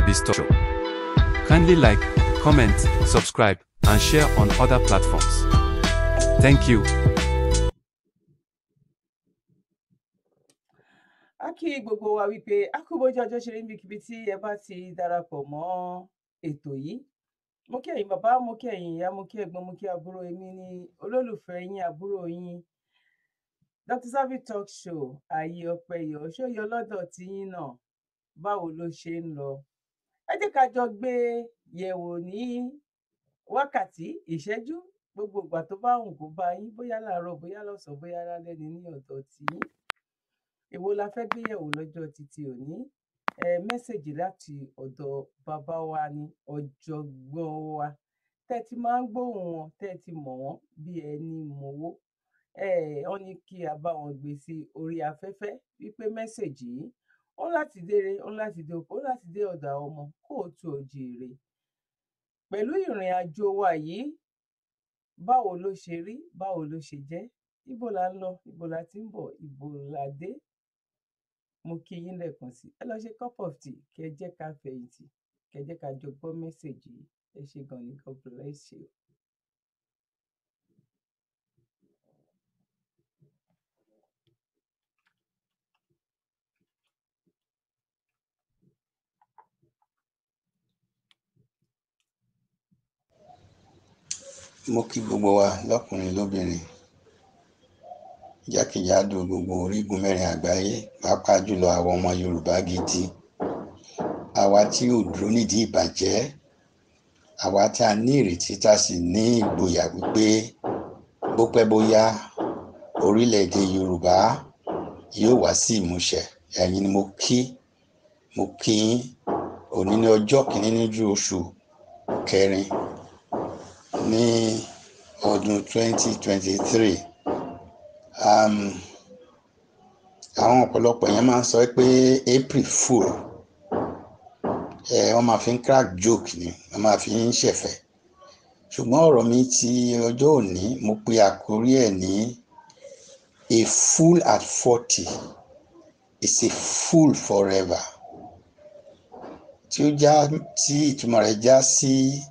Service Talk Show. Kindly like, comment, subscribe, and share on other platforms. Thank you. Aki kí gbogbo wa wípé a kú bójú ọjọ́ ṣe rí níbikíbi tí ẹ bá ti darapọ̀ mọ́ ètò yìí mo kí ẹ̀yin bàbá mo kí ẹ̀yin ìyá mo kí ẹ̀gbọ́n mo kí àbúrò èmi ní olólùfẹ́ yín àbúrò yín Dr. Zabby's Talk Show ààyè ọpẹ́ yọ ṣóyọ lọ́dọ̀ tiyín náà báwo ló ṣe ń lọ ẹ jẹ́ ká jọ gbé yẹ̀wò ní wákàtí ìṣẹ́jú gbogbo ìgbà tó bá wùn kó bá yín bóyá láàárọ̀ bóyá lọ́sàn-án bóyá lálẹ́ ni ní ọ̀dọ̀ tiyín èwo la fẹ́ gbé yẹ̀wò lọ́jọ́ títí òní ẹ mẹ́sẹ̀gì láti ọ̀dọ̀ bàbá wa ni ọ̀jọ̀gbọ́n wa tẹ́ ti máa ń gbóhùn wọn tẹ́ ti mọ̀ wọ́n bí ẹni mọ̀wó ẹ ọ ní kí a bá wọn gbé sí orí afẹ́fẹ́ wípé mẹ́sẹ̀gì yìí ó láti dére ó láti dé oko ó láti dé ọ̀dà ọmọ kó o tó o jèrè pẹ̀lú ìrìn àjò wa yìí báwo ló ṣe rí báwo ló ṣe jẹ́ ibo la ń lọ ibo la ti ń bọ̀ ibo la dé mo kí yín lẹ́ẹ̀kan sí ẹ lọ ṣe cup of tea kẹ́ jẹ́ ká fẹ̀yìntì kẹ́ jẹ́ ká jọ gbọ́ mẹ́sàgì ẹ ṣé gan ni God bless you. mo kí gbogbo wa lọ́kùnrin lóbìnrin jákèjádò gbogbo orígun mẹ́rin àgbáyé pàápàá jùlọ àwọn ọmọ Yorùbá gidi àwa tí ò dúró nídìí ìbàjẹ́ àwa tá a ní ìrètí tá a sì ní ìgboyà wípé bó pẹ́ bóyá orílẹ̀ Yorùbá yóò wá sí ìmúṣẹ ẹ̀yin ni mo kí mo kí òní ní ọjọ́ kìíní ní oṣù kẹrin ní ọdún 2023 um, àwọn ọ̀pọ̀lọpọ̀ èèyàn máa ń sọ pé April fool ẹ wọ́n máa fi ń crack joke ni wọ́n máa fi ń ṣẹ̀fẹ̀ ṣùgbọ́n ọ̀rọ̀ mi ti ọjọ́ òní mo pe àkórí ẹ̀ ní a fool at forty is a fool forever tí ó já tí ìtumọ̀ rẹ̀ já sí. Si,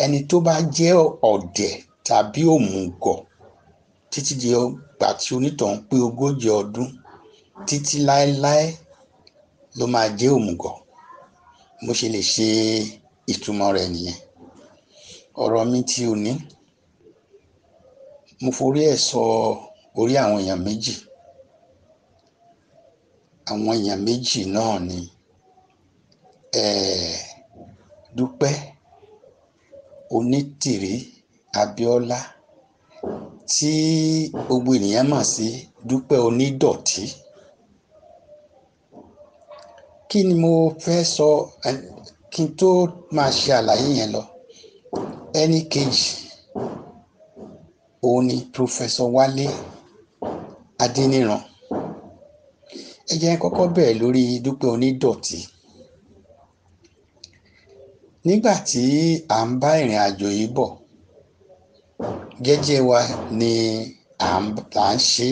ẹni tó bá jẹ́ ọ̀dẹ̀ tàbí òmùgọ̀ títí di ọgbà tí onítọ̀hún pé ogójì ọdún títí láéláé ló máa jẹ́ òmùgọ̀ mo ṣe lè ṣe ìtumọ̀ rẹ̀ nìyẹn ọ̀rọ̀ mi ti ò ní mo forí ẹ̀ sọ orí àwọn èèyàn méjì àwọn èèyàn méjì náà ni ẹ̀ẹ́ dúpẹ́ onítìrí abíọ́lá tí gbogbo ènìyàn mọ̀ sí dúpẹ́ onídọ̀tí kí ni mo fẹ́ sọ kí n tó máa ṣe àlàyé yẹn lọ ẹni kejì òun ni pòfẹsọ wálé adéníran ẹ jẹ́ kọ́kọ́ bẹ̀rẹ̀ lórí dúpẹ́ onídọ̀tí nígbà tí à ń bá ìrìn àjò yìí bọ̀ jẹ́jẹ́ wa ni à ń ṣe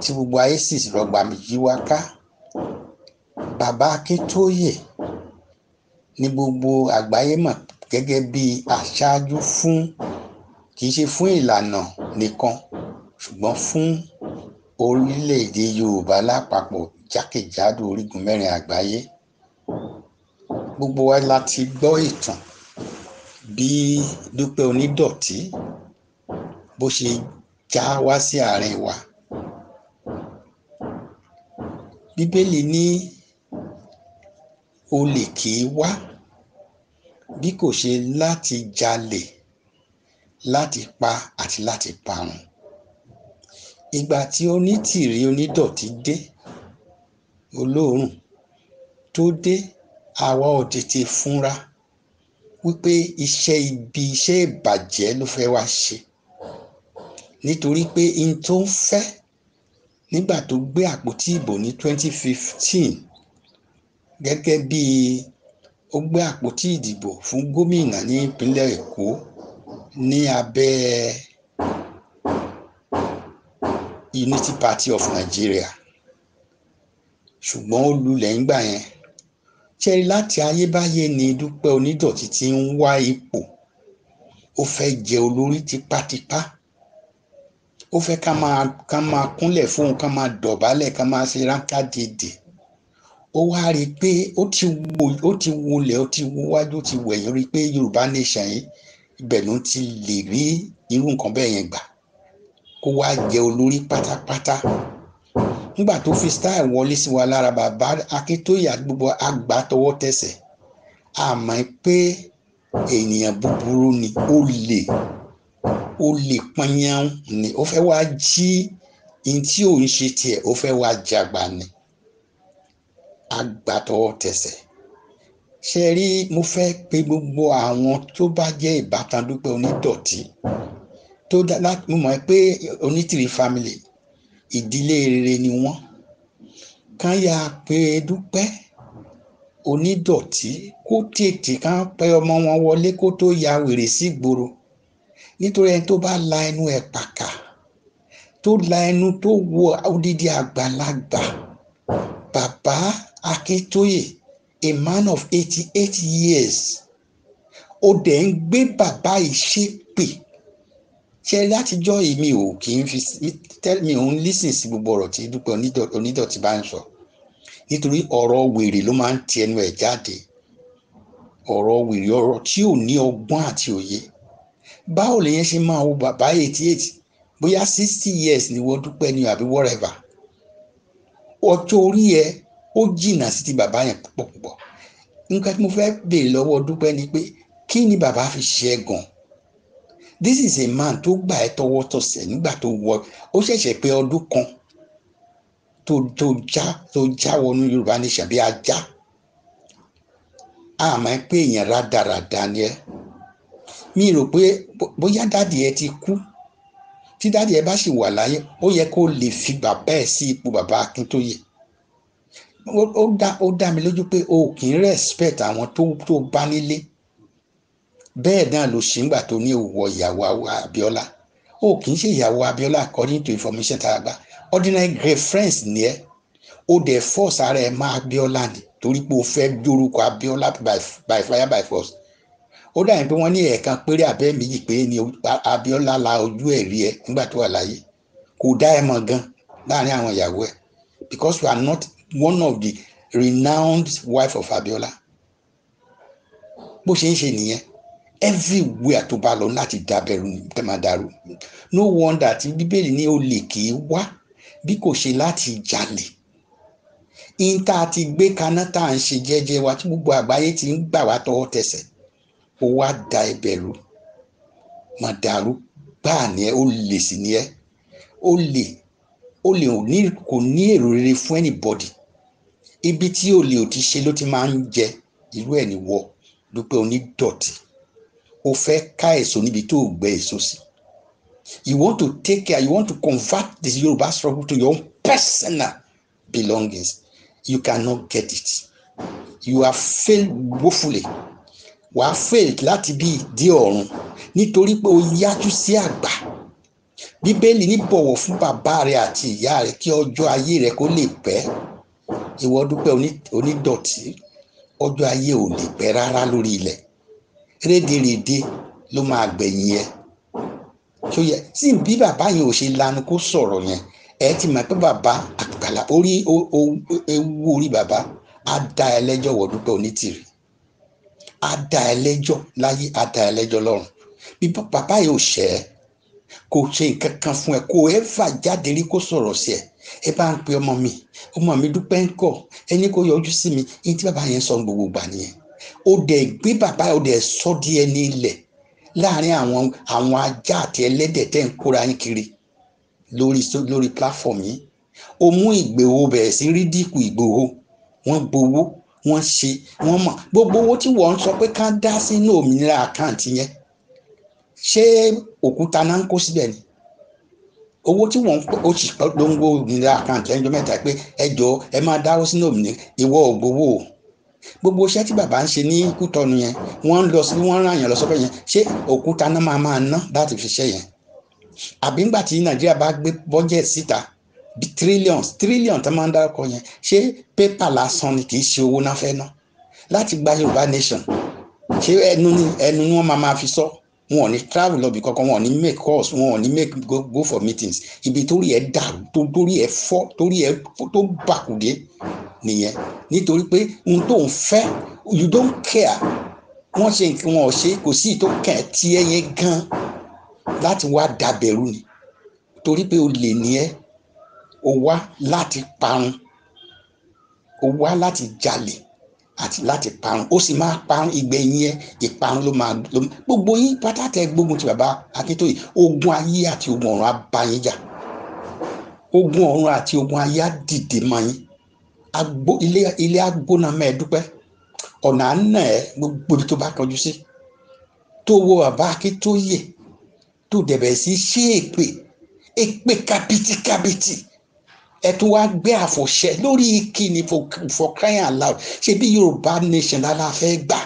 tí gbogbo ayé sì rọgbà yí wa ká bàbá Akíntóyè ni gbogbo àgbáyé mọ̀ gẹ́gẹ́ bí aṣáájú fún kì í ṣe fún ìlànà nìkan ṣùgbọ́n fún orílẹ̀-èdè Yorùbá lápapọ̀ jákèjádò orígun mẹ́rin àgbáyé gbogbo wa la ti gbọ́ ìtàn bí Dúpẹ́ Onídọ̀tí bó ṣe já wá sí àárín wa bíbélì ní olè kì í wá bí kò ṣe láti jalè láti pa àti láti parun ìgbà tí onítìrí onídọ̀tí dé olóòórùn tó dé àwa ò tètè fúnra wípé iṣẹ́ ibi iṣẹ́ ìbàjẹ́ ló fẹ́ wá ṣe nítorí pé in tó ń fẹ́ nígbà tó gbé àpótí ìbò ní 2015 gẹ́gẹ́ bí ó gbé àpótí ìdìbò fún gómìnà ní ìpínlẹ̀ Èkó ní abẹ́ Unity Party of Nigeria ṣùgbọ́n ó lulẹ̀ ńgbà yẹn ṣe rí láti ayébáyé ni Dúpẹ́ Onídọ̀tí ti ń wá ipò ó fẹ́ jẹ olórí tipátipá ó fẹ́ ká máa ká máa kúnlẹ̀ fóun ká máa dọ̀bálẹ̀ ká máa ṣe ráńkà dìde ó wá rí i pé ó ti wo ó ti wọlé ó ti wo wájú ó ti wẹ̀yìn rí i pé Yorùbá nation yìí ibẹ̀ ló ti lè rí irú nǹkan bẹ́ẹ̀ yẹn gbà kó wá jẹ olórí pátápátá nígbà tó fi style wọlé sí wa lára bàbá Akíntóyè gbogbo àgbà tọwọ́ tẹsẹ̀ àmọ́ pé ènìyàn búburú ni ó lè ó lè pọnyán ni ó fẹ́ wá jí ní tí ò ń ṣe tiẹ̀ ó fẹ́ wá jàgbá ni àgbà tọwọ́ tẹsẹ̀ ṣe rí mo fẹ́ pe gbogbo àwọn tó bá jẹ́ ìbátan Dúpẹ́ Onídọ̀tí tó dá mo mọ̀ pé Onítìrí family ìdílé rere ni wọ́n kán yà pé e dúpẹ́ onídọ̀tí kó tètè kán pẹ́ ọmọ wọn wọlé kó tó ya wèrè sí gbòòrò nítorí ẹni tó bá la ẹnu ẹ̀ pàkà tó la ẹnu tó wo odidi àgbàlagbà bàbá Akíntóyè a man of eighty eight years ó dẹ̀ ń gbé bàbá yìí ṣépè ṣe látijọ́ èmi ò kì í fi mi ò ń lísìn sí gbogbo ọ̀rọ̀ tí Dúpẹ́ Onídọ̀tí bá ń sọ nítorí ọ̀rọ̀ wèrè ló máa ń ti ẹnu ẹ̀ jáde ọ̀rọ̀ wèrè ọ̀rọ̀ tí ò ní ọgbọ́n àti òye báwo lèyẹn ṣe máa wo bàbá eighty eight bóyá sixty years ni wọ́n Dúpẹ́ ni àbí whatever ọjọ́ orí ẹ ó jìnnà sí ti bàbá yẹn púpọ̀ púpọ̀ nǹkan tí mo fẹ́ béèrè lọ́wọ́ Dúpẹ́ ni pé kí ni bàbá fi ṣe é gan this is a man tó gbà ẹ́ tọwọ́ tọsẹ̀ nígbà tó wọ ó ṣẹ̀ṣẹ̀ pé ọdún kan tó tó já tó já wọnú Yorùbá nation bí ajá àmọ́ pé èèyàn rádaràda ni ẹ́ mi rò pé bóyá dáàdì ẹ ti kú tí dáàdì ẹ bá sì wà láyé ó yẹ kó lè fi bàbá ẹ sí ipò bàbá Akíntóyè ó dá ó dá mi lójú pé o kì í respect àwọn tó tó bá nílé bẹ́ẹ̀ náà ló ṣe ńgbà tó ní òwò ìyàwó Abíọ́lá ó kì í ṣe ìyàwó Abíọ́lá according to information tá a gbà ordinary girlfriends ni ẹ ó dẹ̀ force ara ẹ̀ máa Abíọ́lá ni torí pé o fẹ́ dórúkọ Abíọ́lá by fire by force ó dàbí pé wọ́n ní ẹ̀ẹ̀kan péré abẹ́ méjì péré ni Abíọ́lá la ojú ẹ̀ rí ẹ nígbà tó wà láyé kò dá ẹ mọ̀ gan láàrin àwọn ìyàwó ẹ because you are not one of the renowned wife of Abíọ́lá bó ṣe ń ṣe nìyẹn everywhere tó bá lọ láti dábẹ̀rù tẹ́ máa dàrú no wonder tí bíbélì ní olè kì í wá bí kò ṣe láti jalè in tá a ti gbé kaná tá à ń ṣe jẹ́jẹ́ wa tí gbogbo àgbáyé ti ń gbà wá tọwọ́ tẹsẹ̀ ó wá da ẹbẹ̀rù máa dàrú gbáà ni ẹ olè sì ni ẹ olè olè kò ní èrò rere fún anybody ibi tí olè ò ti ṣe ló ti máa ń jẹ irú ẹ̀ ni wọ ló onídọ̀tí o fẹ́ ká èso níbi tó gbẹ èso sí you want to take care you want to convert this Yoruba struggle to your own personal belongings you cannot get it you have failed woefully wà á fail láti bí ìdí ọ̀run nítorí pé o yájú sí àgbà bíbélì ní bọ̀wọ̀ fún bàbá rẹ àti ìyá rẹ kí ọjọ́ ayé rẹ kó lè pẹ́ ìwọ onídọ̀tí ọjọ́ ayé ò lè pẹ́ rárá lórí ilẹ̀ rédèrèdè ló máa gbẹ̀yìn ẹ tó yẹ tí bí bàbá yẹn ò ṣe lanu kó sọ̀rọ̀ yẹn ẹ ti mọ̀ pé bàbá àgbàlá orí ewu orí bàbá á da ẹlẹ́jọ́ wọ̀ dúpẹ́ onítìrì á da ẹlẹ́jọ́ láyé á da ẹlẹ́jọ́ lọ́run bí bàbá yẹn ò ṣẹ́ kò ṣe nǹkan kan fún ẹ kò ẹ́fà jáde rí kó sọ̀rọ̀ sí ẹ ẹ bá ń pe ọmọ mi ọmọ mi dúpẹ́ ń kọ̀ ẹni kò yọjú sí mi ẹni tí bàbá yẹn sọ gbogbo gbà nìyẹn ó dẹ̀ gbé bàbá ó dẹ̀ sọ di ẹni ilẹ̀ láàrin àwọn àwọn ajá àti ẹlẹ́dẹ̀ tẹ́ ń kóra yín kiri lórí lórí platform yìí ó mú Ìgbòho bẹ̀rẹ̀ sí rí dínkù Ìgbòho wọ́n gbowó wọ́n ṣe wọ́n mọ̀ gbogbo owó tí wọ́n ń sọ pé ká dá sínú òmìnira àkáǹtì yẹn ṣé òkúta náà ń kó síbẹ̀ ni owó tí wọ́n ó sì polongo òmìnira àkáǹtì ẹjọ́ mẹ́ta pé ẹjọ́ ẹ máa dáwó sínú òmìnira ìwọ ògbówó o gbogbo iṣẹ́ tí bàbá ń ṣe ní Kútọ́nù yẹn wọ́n ń lọ sí wọ́n ràn yàn lọ sọ́fẹ́ yẹn ṣé òkúta náà máa máa ná láti fi ṣiṣẹ́ yẹn àbí ńgbà tí Nàìjíríà bá gbé budget síta trillions trillions tó máa ń dárúkọ yẹn ṣé pépà lásán ni kì í ṣe owó náà fẹ́ ná láti gba Yorùbá nation ṣé ẹnu ni ẹnu ni wọ́n máa máa fi sọ wọn ò ní travel lọ́bì kankan wọn ò ní make calls wọn ò ní make go, go for meetings ibi torí ẹ dàrú torí ẹ fọ́ torí ẹ tó bàkúdé nìyẹn nítorí pé ohun tó ń fẹ́ you don't care wọ́n ṣe nǹkan wọn ò ṣe kò sí ìtò kàn ẹ́ tí ẹ yẹn gan láti wá dàbẹ̀rù ni torí pé o lè ní ẹ o wá láti parun o wá láti jalè àti láti parun ó sì máa parun ìgbẹ̀yìn ẹ ìparun ló máa ló gbogbo yín pátá tẹ gbógun ti bàbá Akíntóyè ogun ayé àti ogun ọ̀run á bá yín jà ogun ọ̀run àti ogun ayé á dìde mọ́ yín agbo ilé ilé agbóná mẹ́ẹ̀ẹ́dúpẹ́ ọ̀nà àná ẹ gbogbo ibi tó bá kọjú sí tó wo bàbá Akíntóyè tó dẹ̀bẹ̀ sí ṣé èpè èpè kàbìtìkàbìtì ẹ tún wá gbé àfọ̀ṣẹ lórí ni for crying out loud ṣe bí yorùbá nation lára fẹ́ gbà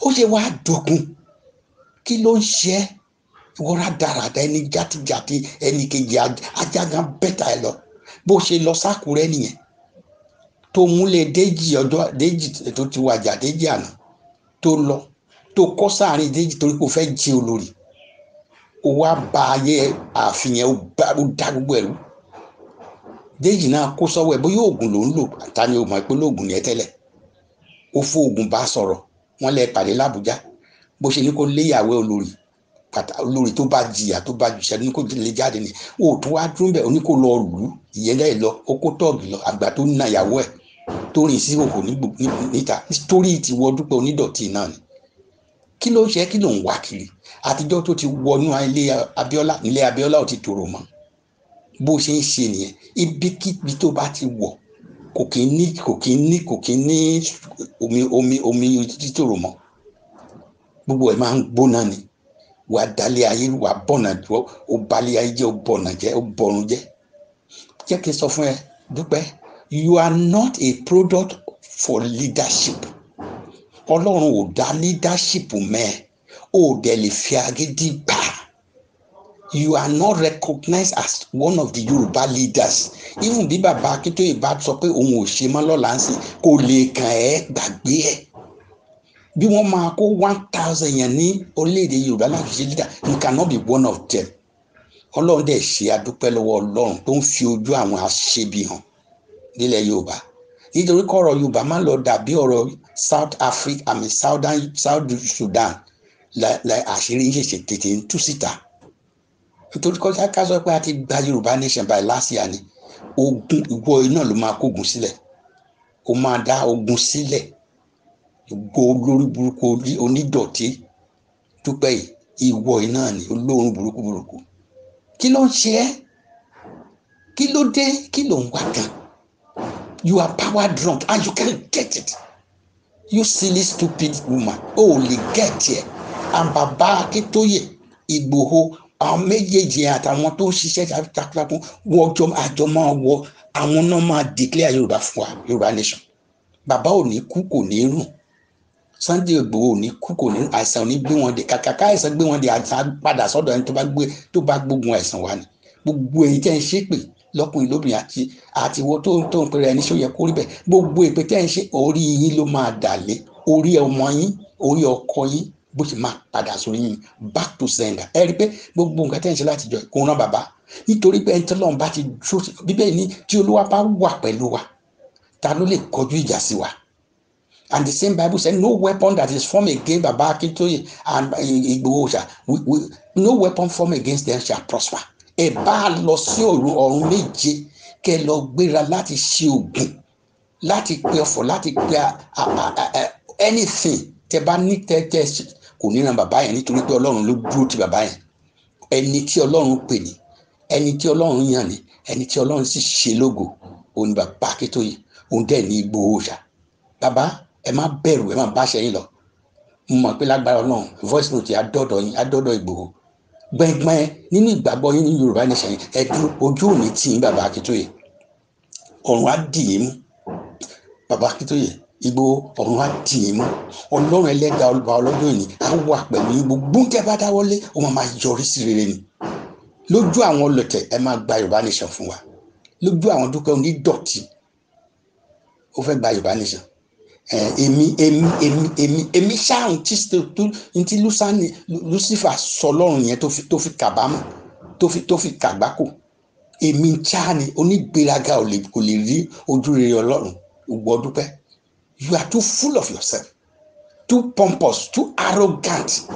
ó ṣe wá dogun kí ló ń ṣe wọ́rà dáradá ẹni játijáti ẹni kejì ajágan bẹ́tà ẹ lọ bó ṣe lọ sákùrẹ́ nìyẹn tó múlẹ̀ déjì ọjọ́ déjì tó ti wàjà déjì àná tó lọ tó kọ́ sáàrin déjì torí kò fẹ́ jẹ olórí ó wá ba ayé àfihàn ó dá gbogbo ẹ̀rú déjì náà kó sọ́wọ́ ẹ̀ bóyá oògùn ló ń lò ta ni o mọ̀ pé lóògùn yẹn tẹ́lẹ̀ ó fó oògùn bá sọ̀rọ̀ wọ́n lẹ pàdé l'Àbújá bó ṣe ní kó léyàwó olórí pàtà olórí tó bá jìyà tó bá jùṣẹ́ ní kó lè jáde ní o tó wá dúró bẹ́ẹ̀ oní kó lọ lù ú ìyẹn lẹ́yìn lọ ó kó tọ́ọ̀gì lọ àgbà tó ń na ẹ̀ tó rìn sí òkò níta nítorí ti wọ dúpẹ́ onídọ̀tí náà ni kí ló ń ṣe kí ló ń wá kiri àtijọ́ tó ti wọnú ilé Abíọ́lá ilé Abíọ́lá ò ti tòrò mọ́ bó ṣe ń ṣe nìyẹn ibikíbi tó bá ti wọ̀ kò kí ní kò kí ní kò kí ní omi omi omi títòrò mọ́ gbogbo ẹ̀ máa ń gbóná ni wàá dalẹ̀ ayé wàá bọ̀nà jọ ó balẹ̀ ayé jẹ́ ó bọ̀nà jẹ́ ó bọ̀rùn jẹ́ jẹ́ kí n sọ fún ẹ dúpẹ́ you are not a product for leadership ọlọ́run ò dá leadership mẹ́ẹ̀ ó dẹ̀ lè fi agídí gbà you are not recognized as one of the Yorùbá leaders even bí bàbá Akíntóyè bá sọ pé òun ò ṣe mọ́ lọ́la ń sìn kò lè kàn ẹ́ gbàgbé ẹ̀ bí wọ́n máa kó one thousand yẹn ní orílẹ̀-èdè Yorùbá láti ṣe leader you cannot be one of them Ọlọ́run dẹ̀ ṣe adúpẹ́ lọ́wọ́ Ọlọ́run tó ń fi ojú àwọn aṣebi hàn nílẹ̀ Yorùbá nítorí kọ́ ọ̀rọ̀ Yorùbá máa ń lọ dàbí ọ̀rọ̀ South Africa àmì South Sudan like àṣírí ń ṣèṣe tètè ń tú síta nítorí kọjá ká sọ pé a ti gba yorùbá nation by last year ni ogun ìwọ iná ló máa kógun sílẹ̀ ó máa dá ogun sílẹ̀ gbogbo olórí burúkú onídọ̀tí dúpẹ́ ìwọ iná ni olóorun burúkú burúkú kí ló ń ṣe ẹ́ kí ló dé kí ló ń wá gan you are power drunk and you can't get it you silly stupid woman o ò lè get ẹ and bàbá Akíntóyè Ìgbòho àwọn méjèèjì àtàwọn tó ṣiṣẹ́ takuntakun wọ́jọ́ àjọ máa wọ àwọn náà máa declare yorùbá fún wa yorùbá nation bàbá ò ní kú kò ní rùn Sunday Igboho ò ní kú kò ní rùn àìsàn ò ní gbé wọn dé kàkàkà àìsàn gbé wọn dé àìsàn padà sọ́dọ̀ ẹni tó bá gbé tó bá gbógun àìsàn wa ni gbogbo èyí tẹ́ ń ṣépè lọ́kùnrin lóbìnrin àti àtiwọ́ tó ń tó ń pèrè ẹni ṣó yẹ kó rí bẹ́ẹ̀ gbogbo èpè tẹ́ ń ṣe orí yín ló máa dà lé orí ọmọ yín orí ọkọ yín bó ṣe máa padà sórí yín back to sender ẹ rí i pé gbogbo nǹkan tẹ́ ń ṣe láti jọ kó rán bàbá nítorí pé ẹni tí Ọlọ́run bá ti dúró bíbélì ní tí Olúwa bá wà pẹ̀lú wa ta ló lè kọjú ìjà sí wa and the same bible said no weapon that is formed against baba akintoye and igbowo ṣá no weapon formed against them shall prosper ẹ bá a lọ sí òru ọ̀run méje kẹ lọ gbéra láti ṣe ògùn láti pe ọ̀fọ̀ láti pe anything tẹ bá ní tẹ tẹ kò ní ran bàbá yẹn nítorí pé ọlọ́run ló dúró ti bàbá yẹn ẹni tí ọlọ́run pè ní ẹni tí ọlọ́run yàn ní ẹni tí ọlọ́run sì ṣe lógo òun ni bàbá Akíntóyè òun dẹ̀ ní Ìgbòho ṣá bàbá ẹ má bẹ̀rù ẹ má bá ṣe yín lọ mo mọ̀ pé lágbára ọlọ́run voice note adọ́dọ̀ yín adọ́dọ̀ Ìgbòho gbẹ̀ngbẹ̀ nínú ìgbàgbọ́ yín ní Yorùbá nation yín ẹ dúró ojú òní tì yín bàbá Akíntóyè ọ̀run á dì yín mú bàbá Akíntóyè Ìgbòho ọ̀run á tì í mọ́ ọlọ́run ẹlẹ́dàá ọba ọlọ́dún ìní á wà pẹ̀lú yín gbogbo ń tẹ́ bá dáwọ́lé ó máa máa yọrí sí rere ni lójú àwọn ọlọ́tẹ̀ ẹ máa gba Yorùbá nation fún wa lójú àwọn dúkẹ́ òní dọ̀tí ó fẹ́ gba Yorùbá nation èmi èmi èmi èmi èmi ṣáàrùn tí tó ti lusani Lucifer sọ lọ́rùn yẹn tó fi kàbámọ̀ tó fi tó fi kàgbákò èmi ṣáà ni onígbéraga ò lè rí ojú rere ọlọ́run gbọ́ You are too full of yourself, too pompous, too arrogant,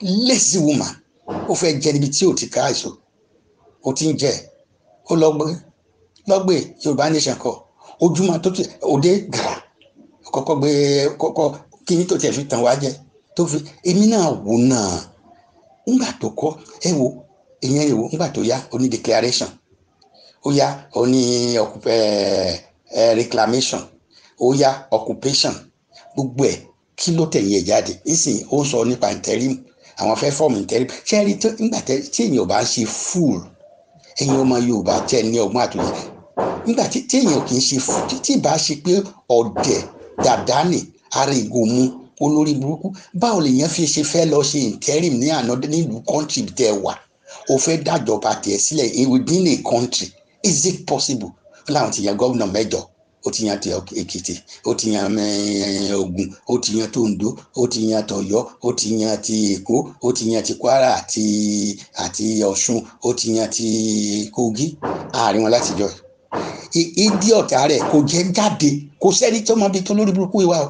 lazy woman. Ó fẹ́ jẹ níbi tí ò ti ká àìsàn. Ó ti ń jẹ. Ó lọ́gbé. Lọ́gbé Yorùbá nation kọ. Ojúmọ́ tó ti òde gàrà. Kọ́kọ́ gbé kọ́kọ́ kíní tó tiẹ̀ fi tàn wá jẹ. Tó fi èmi náà wò náà. Ńgbà tó kọ́ ẹ wo ìyẹn ìwò ńgbà tó yá oní declaration. Ó yá oní eh, eh, reclamation. Oya occupation gbogbo ẹ̀ kí ló tẹ̀yìn ẹ̀ jáde ìsìn ó ń sọ nípa interim àwọn fẹ́ fọ́ọ̀mù interim ṣé ẹ rí tó nígbà tí èèyàn bá ń ṣe full ẹ̀yin ọmọ Yorùbá tẹ ní ọgbọ́n àtòyè nígbà tí èèyàn kì í ṣe full títí bá ṣe pé ọ̀dẹ̀ dàdánì ara ìgò mu olórí burúkú báwo lèèyàn fi ṣe fẹ́ lọ ṣe interim ní àná nílùú country tẹ wà o fẹ́ dájọba tẹ̀ sílẹ̀ within a country is it possible láwọn ti yan gómìnà mẹ́jọ ó ti yan èkìtì ó ti yan eh, ògùn ó ti yan tòǹdó ó ti yan tọ̀yọ́ ó ti yan ti èkó ó ti yan ti kwara àti àti ọ̀ṣun ó ti yan ti kogi àárín wọn láti jọ ìdí ọ̀tá rẹ̀ kò jẹ́ jáde kò sẹ́ni tó mọ bí tó lórí burúkú ìwà o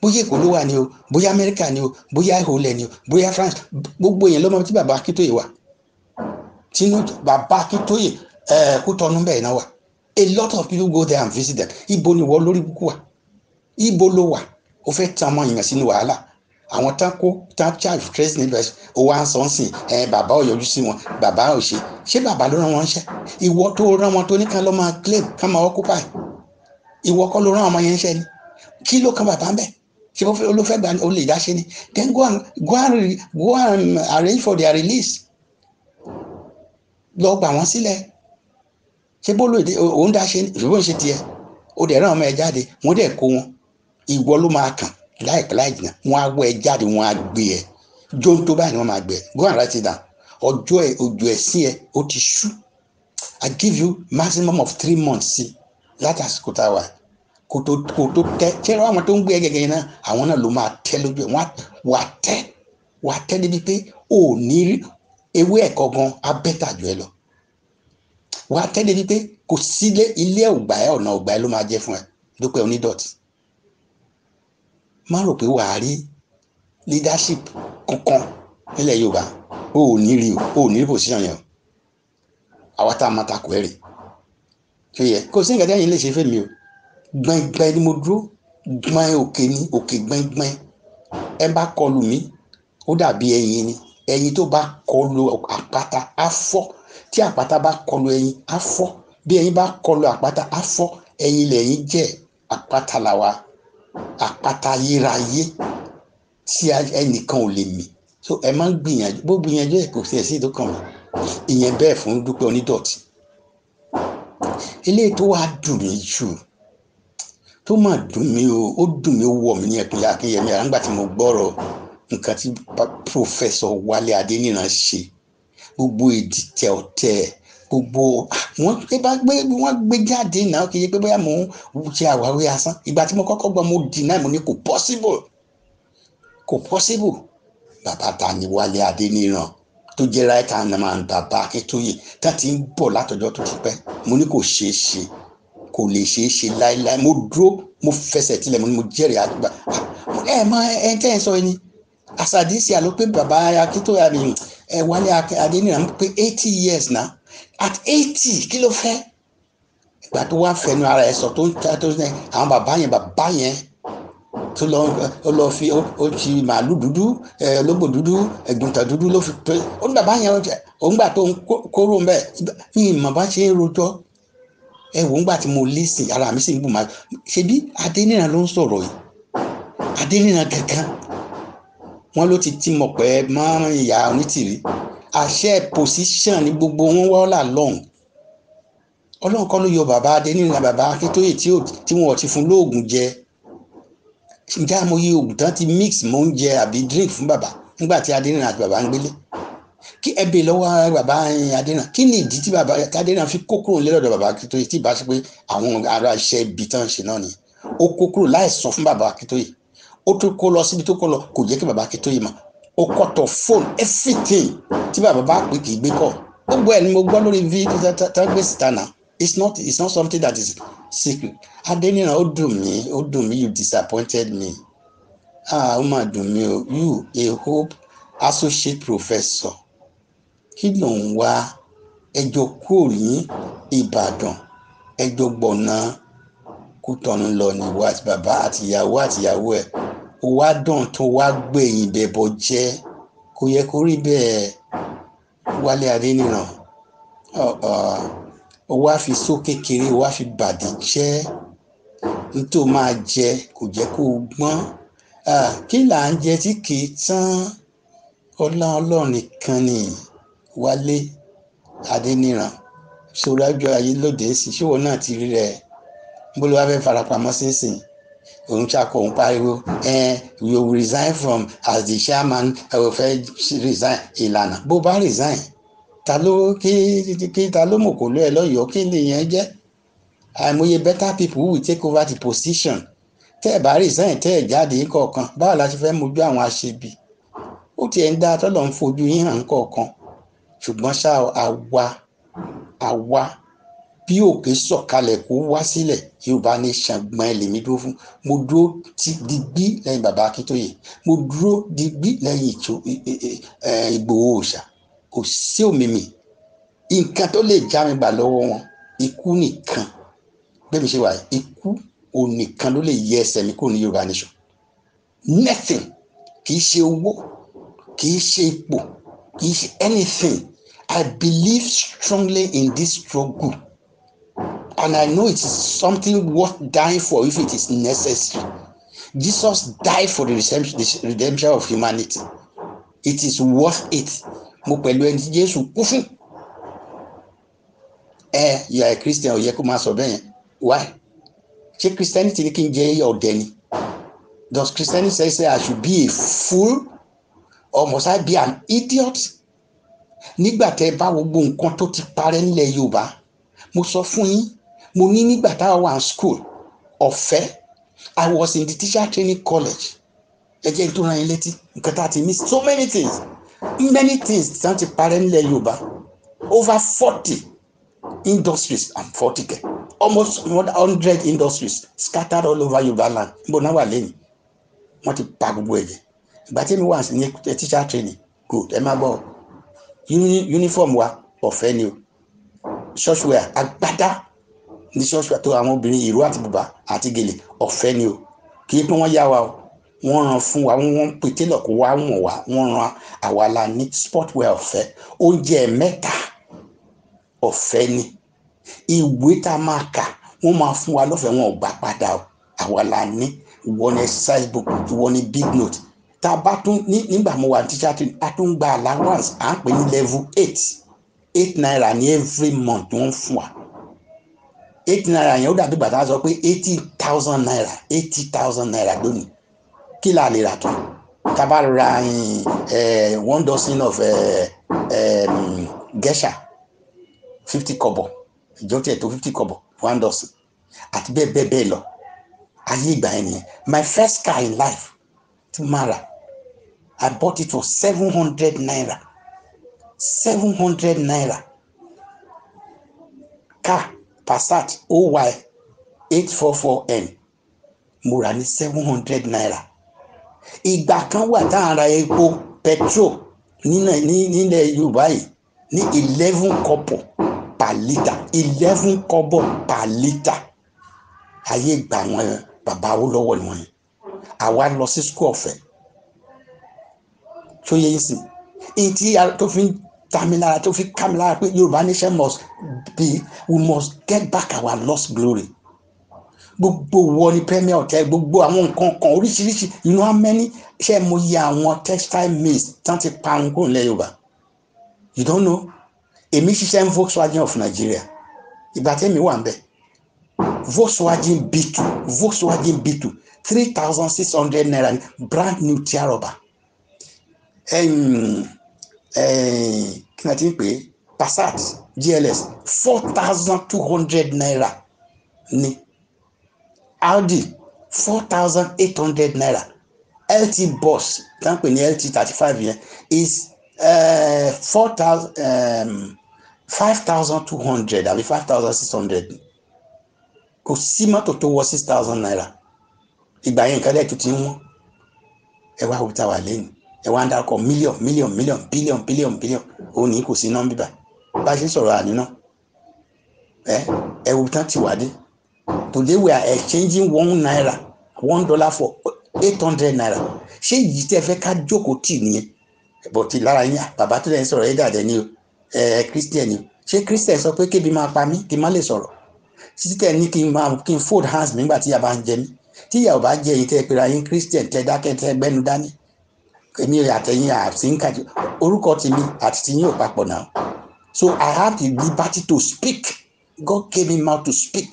bóyá èkó ló wà ní o bóyá amẹ́ríkà ní o bóyá ìhòòlẹ̀ ní o bóyá france gbogbo yẹn lọ́mọ tí bàbá akíntóye wà tinú bàbá akíntóye eh, ẹ̀ẹ́dẹ́gbẹ̀ẹ́ kú tọ́nú bẹ́ẹ̀ náà wà a lot of people go there and visit them ibo ni ìwọ lórí kúkú wa ibo ló wà o fẹ́ tan ọmọ èèyàn sínú wàhálà àwọn tán kó tán charge trace níbẹ̀ o wá ń sọ ń sìn ẹ bàbá ò yọjú sí wọn bàbá ò ṣe ṣé bàbá ló rán wọn ṣe ìwọ tó rán wọn tó ní ká lọ́ máa claim ká máa occupy ìwọ kọ́ ló rán ọmọ yẹn ṣe ni kí ló kan bàbá ń bẹ̀ ṣé ló fẹ́ gba olè dáṣe ni then go and go and go and arrange for their release lọ gbà wọ́n sílẹ̀ ṣé bó lóde òun dá ṣe ìṣòro ń ṣe tiẹ̀ ó dẹ̀ rán ọmọ ẹ jáde wọ́n dẹ̀ kó wọn ìwọ ló máa kàn láìpẹ́ láì jìnnà wọ́n á wọ́ ẹ jáde wọ́n á gbé ẹ jóńtó báyìí wọ́n máa gbé ẹ go and write it down ọjọ́ ẹ ojú ẹ sí ẹ ó ti ṣú I give you maximum of three months sí látàsíkò tá a wà kò tó kò tó tẹ ṣé àwọn tó ń gbé ẹ gẹ́gẹ́ náà àwọn náà ló máa tẹ lójú ẹ wọ́n wà tẹ wà tẹ débi pé ò ní ewé ẹ̀kọ́ gan abẹ́tàjọ́ ẹ lọ wàá tẹ́lẹ̀ wípé kò sílé ilé ògbà ẹ ọ̀nà ògbà ẹ ló máa jẹ́ fún ẹ dúpẹ́ onídọ̀tí má rò pé wàá rí leadership kankan nílẹ̀ Yorùbá o ò ní rí o o ò ní rí position yẹn o àwa tá a máa takò ẹ rè tó yẹ kò sí nǹkan tí ẹ̀yin lè ṣe fẹ́ mi o gbọ̀ngbọ̀n ni mo dúró gbọ̀n òkè ni òkè gbọ̀ngbọ̀n ẹ bá kọlù mí ó dàbí ẹyin ni ẹyin tó bá kọlù àpáta á fọ́ tí àpáta bá kọlu ẹyin á fọ́ bí ẹyin bá kọlu àpáta á fọ́ ẹyin lẹ́yìn jẹ́ àpáta làwa àpáta yíráyé tí ẹnìkan ò lè mì so ẹ máa ń gbìyànjú bó gbìyànjú ẹ kò sí ẹsẹ ìdókàn mi ìyẹn bẹ́ẹ̀ fún dúpẹ́ onídọ̀tí eléyìí tó wàá dùn mí jù tó mà dùn mí o ó dùn mí ó mí ní ẹkùnlé akínyẹmí àgbà tí mo gbọ́rọ̀ nǹkan tí pòfẹ́sọ̀ Wálé Adéníran ṣe gbogbo ìdìtẹ̀ ọ̀tẹ̀ gbogbo wọn pé bá gbé wọn gbé jáde náà kì í ṣe pé bóyá mò ń ṣe àwáwí asán ìgbà tí mo kọ́kọ́ gbọ́ mo dì náà mo ní kò possible kò possible bàbá ta ni Wálé Adéníran tó jẹ́ right hand man bàbá Akíntóyè tá ti ń bọ̀ látọjọ́ tó ti pẹ́ mo ní kò ṣeé ṣe kò lè ṣeé ṣe láéláé mo dúró mo fẹsẹ̀ tilẹ̀ mo ní mo jẹ́rìí àgbà ah, ẹ máa ẹ tẹ́ ẹ sọ ẹni àṣàdísì àlọ́ pé bàbá Akíntóyè àbí Wálé Adéníran pé eighty years na at eighty kí ló fẹ́ ìgbà tó wá fẹnu ara ẹ̀ sọ tó ń ta tó ń àwọn bàbá yẹn bàbá yẹn tó lọ ó lọ fi ó ti màálù dúdú ológbò dúdú ẹ̀gbọ̀ntàn dúdú ló fi pé ó ní bàbá yẹn òun gbà tó ń kóró ń ní ìmọ̀ bá ṣe é rojọ́ ẹ wò ń gbà tí mo lé wọ́n ló ti ti mọ̀ pé márùn ìyá onítìrí àṣẹ pòsíṣàn ní gbogbo wọn wá là lọ́hùn ọlọ́run kọ́ ló yọ bàbá adé nínú bàbá akíntóyè tí wọn ò ti fún lóògùn jẹ ǹjẹ́ àmọye oògùn tán ti mix mọ́ oúnjẹ àbí drink fún bàbá nígbà tí adéna àti bàbá ń gbélé kí ẹ bè lọ́wọ́ bàbá adéna kí ni ìdí tí bàbá adéna fi kó kúrò lẹ́lọ́dọ̀ bàbá akíntóyè tí ìbá ṣe pé àwọn ará iṣẹ́ ibi tán ṣe náà ni ó kó kúrò láì sọ fún bàbá akíntóyè ó tún kó lọ síbi tó kó lọ kò jẹ́ kí bàbá kí tó yìí mà ó kọ̀tọ̀ fóònù everything tí bàbá bá pè kì í gbé kọ̀ gbogbo ẹ̀ ni mo gbọ́ lórí fídíò tá gbé síta náà it's not it's not something that is secret adeniran ó dùn mí ó dùn mí you disappointed me ah ó máa dùn mí o you a hope associate professor kí ló ń wá ẹjọ́ kúrò ní Ìbàdàn ẹjọ́ gbọ̀nà kútọ́nu lọ ní ìwọ àti bàbá àti ìyàwó àti ìyàwó ẹ̀ ó wá dàn tó wá gbẹ̀yìn bẹ̀bọ̀ jẹ́ kò yẹ kó rí bẹ́ẹ̀ Wálé Adéníran ó wá fi só kékeré ó wá fi bàdí jẹ́ nítorí máa jẹ kò jẹ́ kó gbọ́n kí là ń jẹ tí kì tán ọlá ọlọ́run nìkan ni Wálé Adéníran ṣòro àjọ ayé lóde sí ṣòwò náà ti rí rẹ̀ bó ló wá fẹ́ farapamọ́ sínsìn òun ṣàkó òun pariwo you resign from as the chairman ẹ̀rọ fẹ́ resign ìlànà bó bá resign ta ló kí kí ta ló mọ̀ kó lọ ẹ lọ́yọ̀ọ́ kí nìyẹn jẹ́ àìmọye better people who will take over the position tẹ́ ẹ̀ bá resign tẹ́ ẹ̀ jáde kọ̀ọ̀kan báwo la ṣe fẹ́ mojú àwọn aṣebi ó tiẹ̀ ń dá tọ́lọ̀ ń fojú yín hàn kọ̀ọ̀kan ṣùgbọ́n ṣá àwa àwa bí òkè sọ̀kalẹ̀ kó wá sílẹ̀ yorùbá ní ṣàgbọ́n ẹ̀ dúró fún mo dúró digbí lẹ́yìn bàbá akíntóye mo dúró digbí lẹ́yìn ìgbòho òòṣà kò sí òmìmì nǹkan tó lè já mi gbà lọ́wọ́ wọn ikú nìkan bẹ́ẹ̀ mi ṣe wà ikú onìkan ló lè yẹ ẹsẹ̀ mi kúrò ní yorùbá nation nothing kì í ṣe owó kì í ṣe ipò kì í ṣe anything I believe strongly in this struggle. And I know it is something worth dying for if it is necessary. Jesus died for the redemption of humanity. It is worth it. Mo pẹ̀lú ẹni tí Jésù kú fún. Ẹ you are a Christian ò yẹ kó máa sọ bẹ́ẹ̀ yẹn. Why? Ṣé Christianity ni kí n jẹ́ ọ̀dẹ̀ ni? Does Christianity say say I should be a fool or must I be an idiot? Nígbà tẹ́ bá gbogbo nǹkan tó ti parẹ́ nílẹ̀ Yorùbá, mo sọ fún yín mo ní nígbà tá wà ní school ọ̀fẹ́ I was in the teacher training college ẹ jẹ́ tó ra yín létí nǹkan tá a ti miss so many things many things tí wọ́n ti parẹ́ nílẹ̀ Yorùbá over forty industries and forty kẹ almost one hundred industries scattered all over Yorùbá land níbo náà wà lẹ́yìn wọ́n ti pa gbogbo ẹ̀jẹ̀ ìgbà tí mi wà ní teacher training good ẹ má gbọ́ uniform wa ọ̀fẹ́ ni o church wear agbádá ní ṣọ́ọ̀ṣì àti àwọn obìnrin ìró àti bùbá àti gèlè ọ̀fẹ́ ni o kì í pé wọ́n yá wa o wọ́n ran fún wa wọ́n pe télọ̀ kó wá wọ̀n wá wọ́n ran àwa ní sportwear ọ̀fẹ́ oúnjẹ mẹ́ta ọ̀fẹ́ ni ìwé tá a máa kà wọ́n máa fún wa lọ́fẹ̀ẹ́ wọn ò gbà padà o àwa la ní ìwọ ni exercise book ìwọ ni big note tá a bá tún nígbà mo wà ní teacher training a tún gba allowance à ń pè ní level eight eight naira ní every month wọ́n fún wa eight naira yẹn ó dàbí gbàtà sọ pé eighty thousand naira eighty thousand naira lónìí kí la lè rà tó tá ra one dozen of gẹ́ṣà fifty kobo. ìjọ tiẹ̀ tó fifty kobo. one dozen àti bẹ́ẹ̀ bẹ́ẹ̀ bẹ́ẹ̀ lọ ayé ìgbà yẹn nìyẹn my first car in life ti máa rà I bought it for seven hundred naira seven hundred naira car passat oy eight four four n mo rà ní seven hundred naira ìgbà kan wà tá à ń ra epo petrol nílẹ̀ yorùbá yìí ní eleven kọ́bọ̀ per litre eleven kọ́bọ̀ per litre ayé gbà wọn bàbá Awólọ́wọ̀ ni wọn yẹn àwa lọ sí school ọ̀fẹ́ tó yẹ yín sí i tí tó fi tamilara tó fi kamilara pé yorùbá nation must be we must get back our lost glory gbogbo wọ ni premier hotel gbogbo àwọn nǹkan kan oríṣiríṣi you know how many ṣe mo yẹ àwọn textile mills tán ti parun kúrò nílẹ̀ yorùbá you don't know èmi ṣiṣẹ́ ń volkswagen of nigeria ìgbà tẹ́mi wà ń bẹ̀ volkswagen beetle volkswagen beetle three thousand six hundred naira brand new tiaroba. Um, Eh, kí ni a ti ń pè é Passat GLS four thousand two hundred naira ni Audi four thousand eight hundred naira LT bus tá ń pè ní LT thirty five yẹn is eh, four thousand ehm, five thousand two hundred àbí five thousand six hundred kò sí mọ́tò tó wọ six thousand naira ìgbà yẹn nǹkan lẹ́ẹ̀tún ti ń wọ́n ẹ wá wò tá a wà lẹ́yìn ẹ wá ń darúkọ million, million, million, billion, billion, billion. òun ní kò sí iná bíbà bá a ṣe sọ̀rọ̀ àníná ẹ ẹwù tán ti wà dé today we are exchanging one naira one dollar for eight hundred naira ṣé yìí tẹ́ fẹ́ ká jókòó tì nìyẹn bọ̀ ti lára yín bàbá tó lẹ́yìn sọ̀rọ̀ ẹ̀dà dẹ̀ ni o ẹ̀ christian ni o ṣé christian sọ pé kébi máa pa mí kí n má lè sọ̀rọ̀ títẹ̀ ní kí n máa kí n fold hands nígbà tí ìyà bá ń jẹ mí tí ìyà ò bá jẹ èyí tẹ́ pera yín christian tẹ́ dákẹ́ tẹ́ gbẹ́nu dání èmi àtẹ̀yìn àti ń kàjú orúkọ tèmi àti tìyín ò papọ̀ náà so I have the liberty to speak God gave me mouth to speak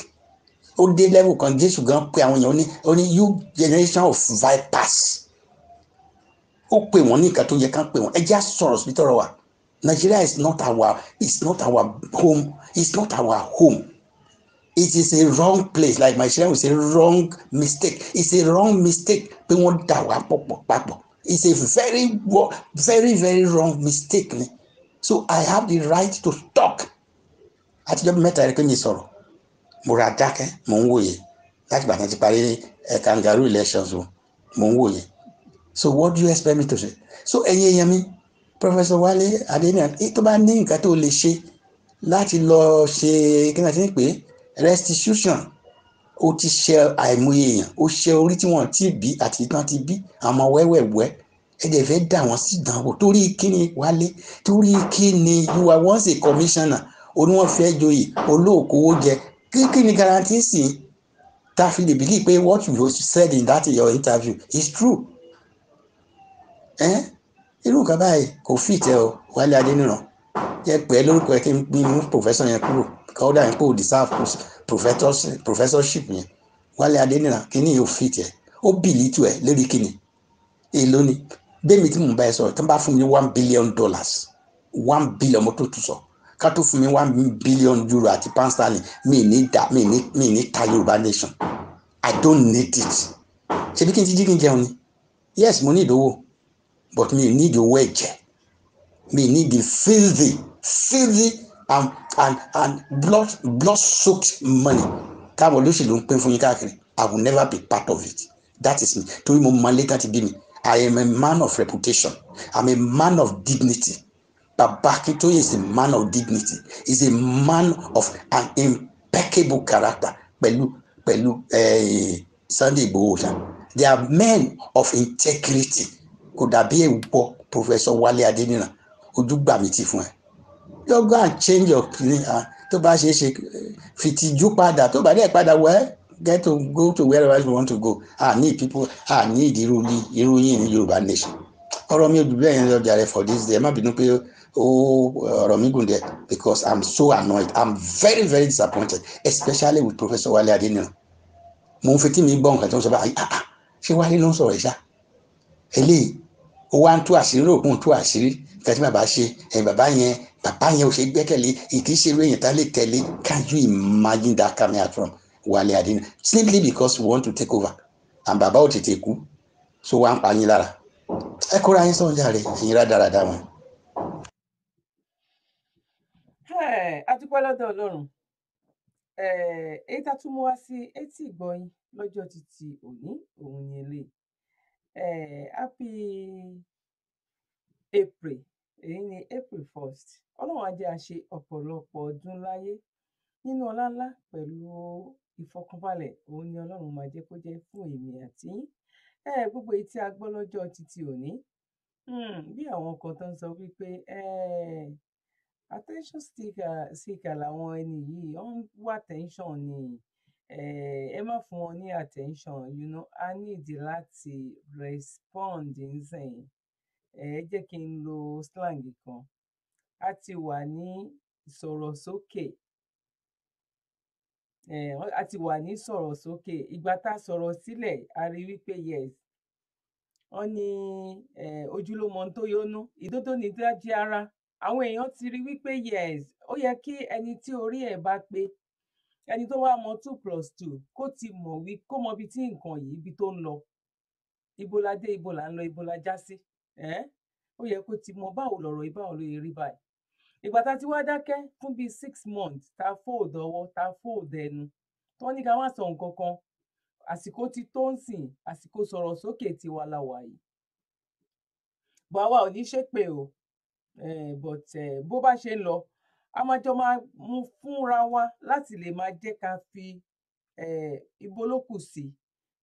ó dé level kan Jésù gan pé àwọn èèyàn ó ní ó ní you generation of vipers ó pè wọ́n ní nǹkan tó yẹ ká pè wọ́n ẹ jẹ́ sọ̀rọ̀ sí tọrọ wa Nigeria is not our is not our home is not our home it is a wrong place like my children will say wrong mistake it's a wrong mistake pé wọ́n dà wá pọ̀ pọ̀ papọ̀. It's a very, very, very wrong mistake. So I have the right to talk. Àtijọ́ bí mẹ́ta rẹ̀ pé mi sọ̀rọ̀. Mo ra dákẹ́, mò ń wòye. Láti gbà kan ti parí eh, kangaroo elections o, mò ń wòye. So what do you expect me to say? So ẹ̀yin èèyàn mi, Professor Wale Adeniran, eh, tó bá ní nǹkan tó lè ṣe láti lọ ṣe kí ni a ti pè restitution ó ti ṣe àìmọye èèyàn ó ṣe orí tí wọ́n ti bí àti tán ti bí àmọ́ wẹ́wẹ́wẹ́ ẹ̀jẹ̀ fẹ́ dà wọ́n sí ìdánwò torí kíni wálé torí kíni you are once a commissioner oníwọ̀n fẹ́ joyè olóòkówó jẹ kíni guarantee sí ta fi lè believe pé what you said in that your interview is true irú nǹkan báyìí kò fìtẹ́ o wálé adéníran yẹ pẹ́ lórúkọ ẹ kí n mú professor yẹn kúrò kọ́dà yẹn kò deserve professorship yẹn wálé adéníran kíní yóò fit ẹ̀ ó bìlì tù ẹ̀ lórí kíní èló ni bẹ́ẹ̀mi tí mo bá yẹ sọ̀rọ̀ tí wọ́n bá fún mi one billion dollars one billion mo tó tu sọ ká tó fún mi one billion euro àti pound sterling mi ní da mi ní mi ní ta yorùbá nation i don't need it ṣebí kí n ti jí kí n jẹun ni yes mo ní ìdówó but mi ní ìdówó ẹ̀jẹ̀ mi ní ìdí filthy filthy and and and blood blood soaked money táwọn olóṣèlú ń pín fún yín káàkiri i will never be part of it that is me torí mo máa létà ti bí mi i am a man of reputation i am a man of dignity baba akintoye is a man of dignity he is a man of an impeccable character pẹ̀lú pẹ̀lú eh, sunday igboho ṣá they are men of integrity kò dàbí èwúpọ̀ professor wale adeniran ojú gbàmí fún ẹ just go and change your clean ah tó bá ṣe é ṣe eh, fìtìjú padà tó bá dẹ̀ padà wẹ́ get to go to wherever you want to go ah need people ah need irú mi irú yín ní Yorùbá nation ọ̀rọ̀ mi ò dùn bẹ́ẹ̀ yẹn lọ jàre for this day ẹ má bínú pé ó ọ̀rọ̀ mi gùn dẹ̀ because i'm so annoyed i'm very very disappointed especially with Professor Wale Adeniran mo ń fetí mi gbọ́ nǹkan tó ń sọ báyìí ah ah ṣé Wale ló ń sọ̀rọ̀ ìṣá eléyìí ó wá ń tú àṣírí ó kún tú àṣírí nǹkan bàbá ṣe ẹ̀yìn bàbá yẹn bàbá yẹn ò ṣe gbẹ́kẹ̀lé ìkí yẹn tá lè tẹ̀lé can you imagine that coming out from Wale Adina simply because we want to take over and bàbá ò tètè kú so wá ń pa yín lára ẹ kóra yín sọ̀njà rẹ̀ ẹ̀yin rádaràda wọn. a dúpẹ́ lọ́dọ̀ Ọlọ́run eh, èyí tá a tún mú wá sí etí ìgbọ̀yìn lọ́jọ́ títí òní òun ni eléyìí eh, happy April èyí ni april first ọlọ́run á jẹ́ a ṣe ọ̀pọ̀lọpọ̀ ọdún láyé nínú ọlá ńlá pẹ̀lú ìfọkànbalẹ̀ òun ni ọlọ́run máa jẹ́ kó jẹ́ fún èmi àti yín ẹ gbogbo etí a gbọ́ lọ́jọ́ títí òní hmm, bí àwọn kan tó ń sọ wípé attention seeker làwọn ẹni yìí wọ́n ń wá attention ni ẹ má fún wọn ní attention you know I need láti respond nsẹ́yìn um ẹ jẹ́ kí n lo slang kan á ti wà ní ìsọ̀rọ̀sókè um á ti wà ní ìsọ̀rọ̀sókè ìgbà tá a sọ̀rọ̀ sílẹ̀ a rí wí pé yes wọ́n ní um ojú ló mọ ohun tó yónú ìdodo nídajì ara àwọn èèyàn ti rí wí yes ó yẹ kí ẹni tí orí ẹ̀ bá pé ẹni tó wá mọ two plus two kó ti mọ̀ wí kó mọ ibi tí nǹkan yìí ibi tó ń lọ ibo dé ibo ń lọ ibo já sí um ó yẹ kó ti mọ báwo lọrọ yìí báwo ló yẹ rí báyìí ìgbà tá a ti wá dákẹ fún bíi six months ta a fóòdù ọwọ tá a fóòdù ẹnu tó ní ká má sọ nǹkan kan àsìkò ti tó ń sìn àsìkò sọ̀rọ̀ sókè tiwa la wà yìí bàwa ò ní ṣépè o but bó bá ṣe ń lọ a máa jọ máa mú fúnra wa láti lè máa jẹ́ ká fi ibo sí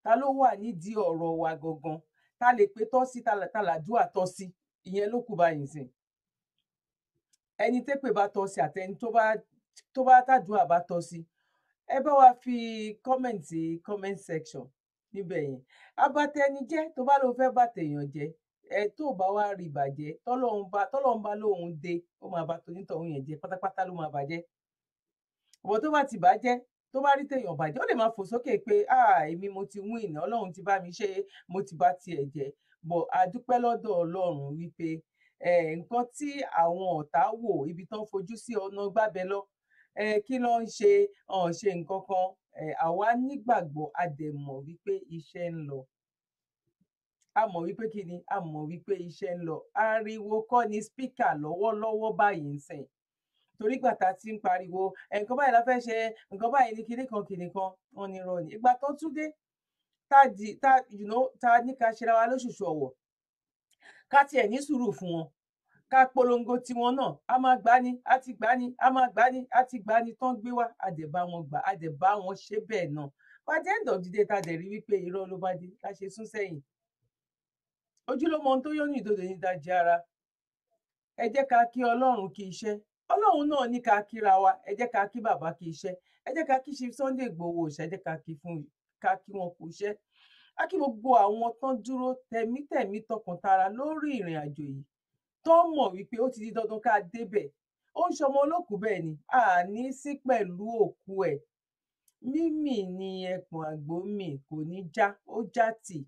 ta ló wà nídìí ọ̀rọ̀ wa gangan ta lè pé tọ́ sí ta làdúà tọ́ sí ìyẹn ló kù báyìí sìn ẹni tẹ́pẹ̀ bá tọ́ sí àtẹni tó bá tó bá tọ́ sí ẹ bá wa fi kọ́mẹ̀ǹtì comment section níbẹ̀ yẹn abatẹni jẹ́ tó bá lóun fẹ́ bàtẹ̀yàn jẹ́ ẹ tó bá wá rí ìbàjẹ́ tọ́lọ́run bá tọ́lọ́run bá lóun dé ó máa bá tonítọ̀hún yẹn jẹ́ pátápátá ló máa bàjẹ́ ọ̀bọ̀ tó bá ti bàjẹ́ tó bá rí téèyàn bàjẹ́ ó lè máa fò sókè pé èmi mo ti win ọlọ́run ti bá mi ṣe mo ti bá tiẹ̀ jẹ́ bọ̀ adúpẹ́ lọ́dọ̀ ọlọ́run wípé nǹkan tí àwọn ọ̀tá wò ibi tán fojú sí ọ̀nà gbábẹ́ lọ kí ló ń ṣe ọ̀n ṣe nǹkan kan àwa nígbàgbọ́ a dẹ̀ mọ̀ wípé iṣẹ́ ń lọ a mọ̀ wípé kí ni a mọ̀ wípé iṣẹ́ ń lọ ariwo kọ́ ni spíkà lọ́wọ́lọ́wọ́ báyìí ń sìn torí gbàtà tí ń pariwo nǹkan báyìí la fẹ́ ṣe nǹkan báyìí ní kinní kan kinní kan wọn ni rọ ni ìgbà tó tún dé tá di tá you know tá ní ká ṣe ra wa lóṣooṣù ọ̀wọ̀ ká tiẹ̀ ní sùúrù fún wọn ká polongo tiwọn náà a máa gbá ni a ti gbá ni a máa gbá ni a ti gbá ni tán gbé wá a dẹ̀ bá wọn gbà a dẹ̀ bá wọn ṣe bẹ́ẹ̀ náà by the end dẹ̀ rí wípé irọ́ ló bá dé ká ṣe sún sẹ́yìn ojúlówó tó yọ ní ìdodo ní ìdajì ara ẹ jẹ́ ká kí ọlọ́run kí iṣẹ́ ọlọ́run náà ní ká kíra wa ẹ jẹ́ ká kí bàbá kí iṣẹ́ ẹ jẹ́ ká kí ṣe Sunday Igboho ṣe ẹ jẹ́ ká kí fún ká kí wọn kú iṣẹ́ á kí gbogbo àwọn tán dúró tẹ̀mítẹ̀mí tọkàntara lórí ìrìn àjò yìí tó mọ̀ wípé ó ti di dandan ká débẹ̀ ó ń ṣọmọ olókùú bẹ́ẹ̀ ni a ní sí pẹ̀lú òkú ẹ̀ mímì ni ẹpọ̀n àgbò kò ní já ó já tì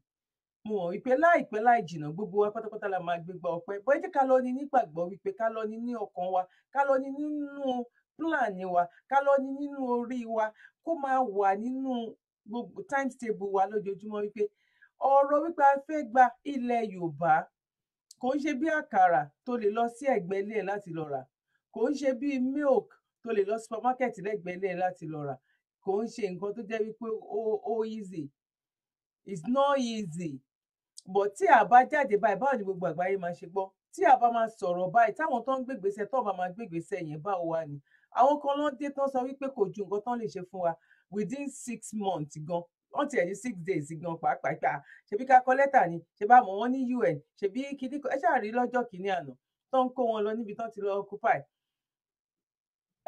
mo hàn wípé láìpẹ́ láì jìnnà gbogbo wa pátápátá la máa gbégbá ọpẹ́ bọ́ ẹ jẹ́ ká lọ ní nígbàgbọ́ wípé ká lọ ní ní ọkàn wa ká lọ ní nínú pílàní wa ká lọ ní nínú orí wa kó máa wà nínú gbogbo times table wa lójoojúmọ́ wípé ọ̀rọ̀ wípé a fẹ́ gba ilẹ̀ Yorùbá kò ń ṣe bí àkàrà tó lè lọ sí ẹ̀gbẹ́ láti lọ rà kò ń ṣe bí milk tó lè lọ supermarket lẹ́gbẹ̀ẹ́ ilé ẹ̀ láti lọ rà kò ń ṣe nǹkan tó jẹ́ wípé ó ó easy it's not easy bọ̀ tí a bá jáde báyìí báwo ni gbogbo àgbáyé máa ṣe gbọ́ tí a bá máa sọ̀rọ̀ báyìí táwọn tó ń gbègbèsẹ̀ tó bá máa gbègbèsẹ̀ yẹn báwo wá ni àwọn kan ló ń dé tán sọ wípé kò ju nǹkan tán lè ṣe fún wa within six months gan wọ́n ti ẹ̀jú six days gan pàápàá gbà ṣebí ká kọ lẹ́tà ni ṣebí àmọ́ wọ́n ní un ṣebí kíní ẹ ṣáà rí lọ́jọ́ kìíní àná tó ń kó wọn lọ níbi tán ti lọ occupy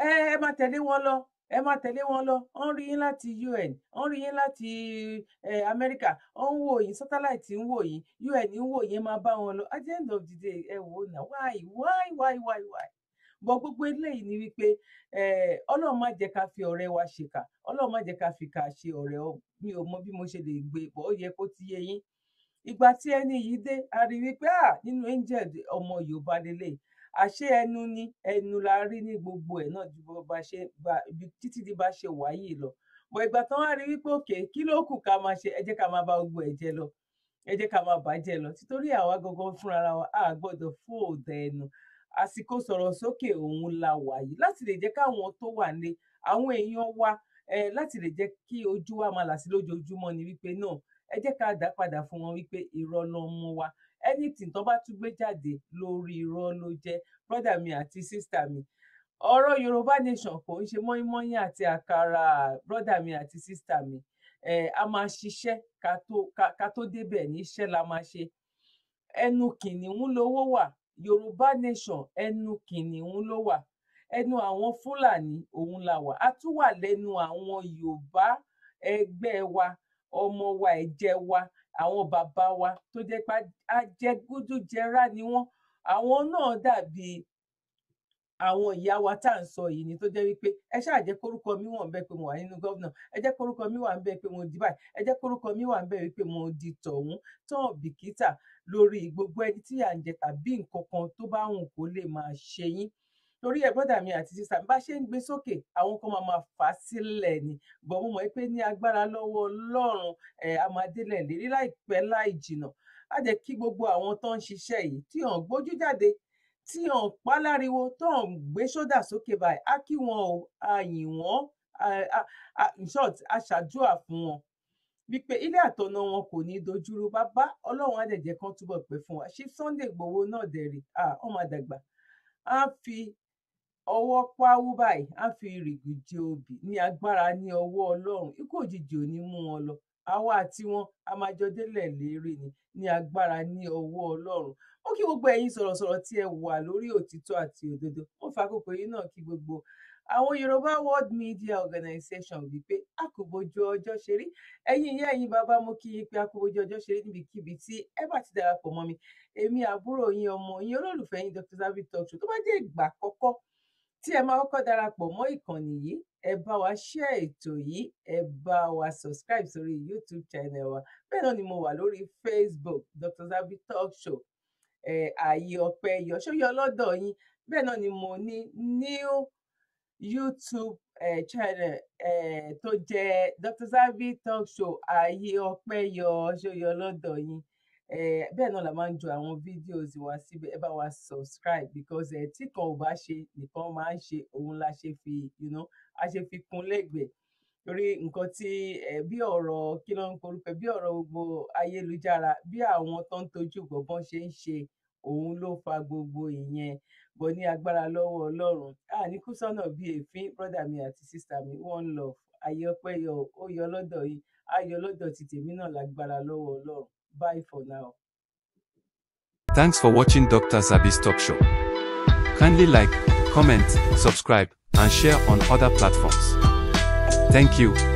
ẹ ẹ máa tẹ̀lé wọn lọ ẹ máa tẹ̀lé wọn lọ ó ń rí yín láti UN ó ń rí yín láti Amẹ́ríkà ó ń wò yín sátáláìtì ń wò yín UN ń wò yín máa bá wọn lọ at the end of the day ẹ wò ó nà why why why why why bọ gbogbo eléyìí ni wípé Ọlọ́run má jẹ́ ká fi ọ̀rẹ́ wa ṣèkà Ọlọ́run má jẹ́ ká fi kà ṣe ọ̀rẹ́ mi ò mọ bí mo ṣe lè gbé bọ ó yẹ kó ti yé yín ìgbà tí ẹni yìí dé a rí wípé à nínú angel ọmọ Yorùbá lélẹ̀ àṣé ẹnu ni ẹnu la rí ní gbogbo ẹ̀ náà ju bá ṣe bá títí di bá ṣe wà yìí lọ bọ̀ ìgbà tán wá rí wípé òkè kí ló kù ká máa ṣe ẹ jẹ́ ká máa bá gbogbo ẹ̀ jẹ lọ ẹ jẹ́ ká máa bàjẹ́ lọ títorí àwa gangan fúnra wa a gbọ́dọ̀ fóòdà ẹnu àsìkò sọ̀rọ̀ sókè òun la wà yìí láti lè jẹ́ káwọn tó wà ní àwọn èèyàn wa láti lè jẹ́ kí ojú wa máa là sí lójoojúmọ́ ni wípé náà ẹ ká dá padà fún wọn wípé irọ́ wa anything tó bá tún gbé jáde lórí irọ́ ló jẹ́ brọ́dà mi àti sísítà mi ọ̀rọ̀ yorùbá nation kò ń ṣe mọ́ínmọ́ín àti àkàrà brọ́dà mi àti sísítà mi eh, a máa ṣiṣẹ́ ká tó débẹ̀ níṣẹ́ la máa ṣe ẹnu kìnìún lowó wà yorùbá nation ẹnu kìnìún ló wà ẹnu àwọn fúlàní òun la wà a tún wà lẹ́nu àwọn yorùbá ẹgbẹ́ wa ọmọ wa ẹ̀jẹ̀ wa àwọn bàbá wa tó jẹ́ pé ajẹgúdújẹrá ni wọ́n àwọn náà dàbí àwọn ìyá wa tá à ń sọ yìí ni tó jẹ́ wípé ẹ ṣáà jẹ́ kórúkọ mi wà ń bẹ pé mo wà nínú gómìnà ẹ jẹ́ kórúkọ mi wà ń bẹ pé mo di báyìí ẹ jẹ́ kórúkọ mi wà ń bẹ wípé mo di tọ̀hún tán bìkítà lórí gbogbo ẹni tí à ń jẹ tàbí nǹkan kan tó bá wùn kó lè máa ṣe yín torí ẹ brọ́dà mi àti sísá mi bá ṣe ń gbé sókè àwọn kan máa máa fà á sílẹ̀ ni gbọ́n mo mọ̀ pé ní agbára lọ́wọ́ ọlọ́run ẹ̀ a máa délẹ̀ lérí láìpẹ́ láì jìnà á jẹ́ kí gbogbo àwọn tó ń ṣiṣẹ́ yìí tí hàn gbójú jáde tí hàn páláriwo tó hàn gbé ṣódà sókè báyìí á kí wọn o a wọn in short a ṣàdúrà fún wọn wípé ilé àtọ̀nà wọn kò ní dojúrú bàbá ọlọ́run á dẹ̀ jẹ́ kán túbọ̀ pẹ́ fún wa ṣé Sunday Igboho náà dẹ̀ rè ah ọmọ àdàgbà á fi owó pawú báyìí á fi èrìgì jẹ òbí ní agbára ní ọwọ́ ọlọ́run ikú òjijì ò ní mú wọn lọ àwa àti wọn a máa jọ délẹ̀ lérè ni ní agbára ní ọwọ́ ọlọ́run ó kí gbogbo ẹ̀yin sọ̀rọ̀sọ̀rọ̀ tí ẹ wà lórí òtítọ́ àti òdodo wọ́n fa kókó yìí náà kí gbogbo àwọn yorùbá world media organization wípé a kò bójú ọjọ́ ṣeré ẹ̀yin ìyá ẹ̀yin bàbá mo kí yín pé a kò bójú ọjọ́ ṣeré níbikíbi tí ẹ bá ti darapọ̀ mọ́ mi èmi àbúrò yín ọmọ yín olólùfẹ́ yín Dr. Zabby's Talk Show tó bá dé ìgbà àkọ́kọ́ tí ẹ máa kọ́kọ́ darapọ̀ mọ́ ìkànnì yìí ẹ bá wa share ètò yìí ẹ bá wa subscribe sórí youtube channel wa bẹ́ẹ̀ náà ni mo wà lórí facebook Dr. Zabi Talk Show ààyè ọpẹ yọṣọyọ lọ́dọ̀ yín bẹ́ẹ̀ náà ni mo ní new youtube eh, channel eh, tó jẹ́ Dr. Zabi Talk Show ààyè ọpẹ yọṣọyọ lọ́dọ̀ yín um bẹ́ẹ̀ náà la máa ń ju àwọn videos wa síbẹ̀ ẹ bá wa subscribe because ẹ eh, tí kan ò bá ṣe nìkan máa ń ṣe òun la ṣe fi you know a ṣe fi kun lẹ́gbẹ̀ẹ́ torí nǹkan tí ẹ eh, bí ọ̀rọ̀ kí ló ń korúkọ bí ọ̀rọ̀ gbogbo ayélujára bí àwọn tó ń tọ́jú gbọ̀ngàn ṣe ń ṣe òun ló fa gbogbo ìyẹn bọ ní agbára lọ́wọ́ Ọlọ́run àní kú sọ́nà bíi èéfín brọdà mi àti sister mi one love ayọpẹyọ ó yọ lọ́dọ̀ yìí ayọ̀ lọ́dọ̀ ti tèmi náà lágbára lọ́wọ́ Ọlọ́run Bye for now. Thanks for watching Dr. Zabi's talk show. Kindly like, comment, subscribe, and share on other platforms. Thank you.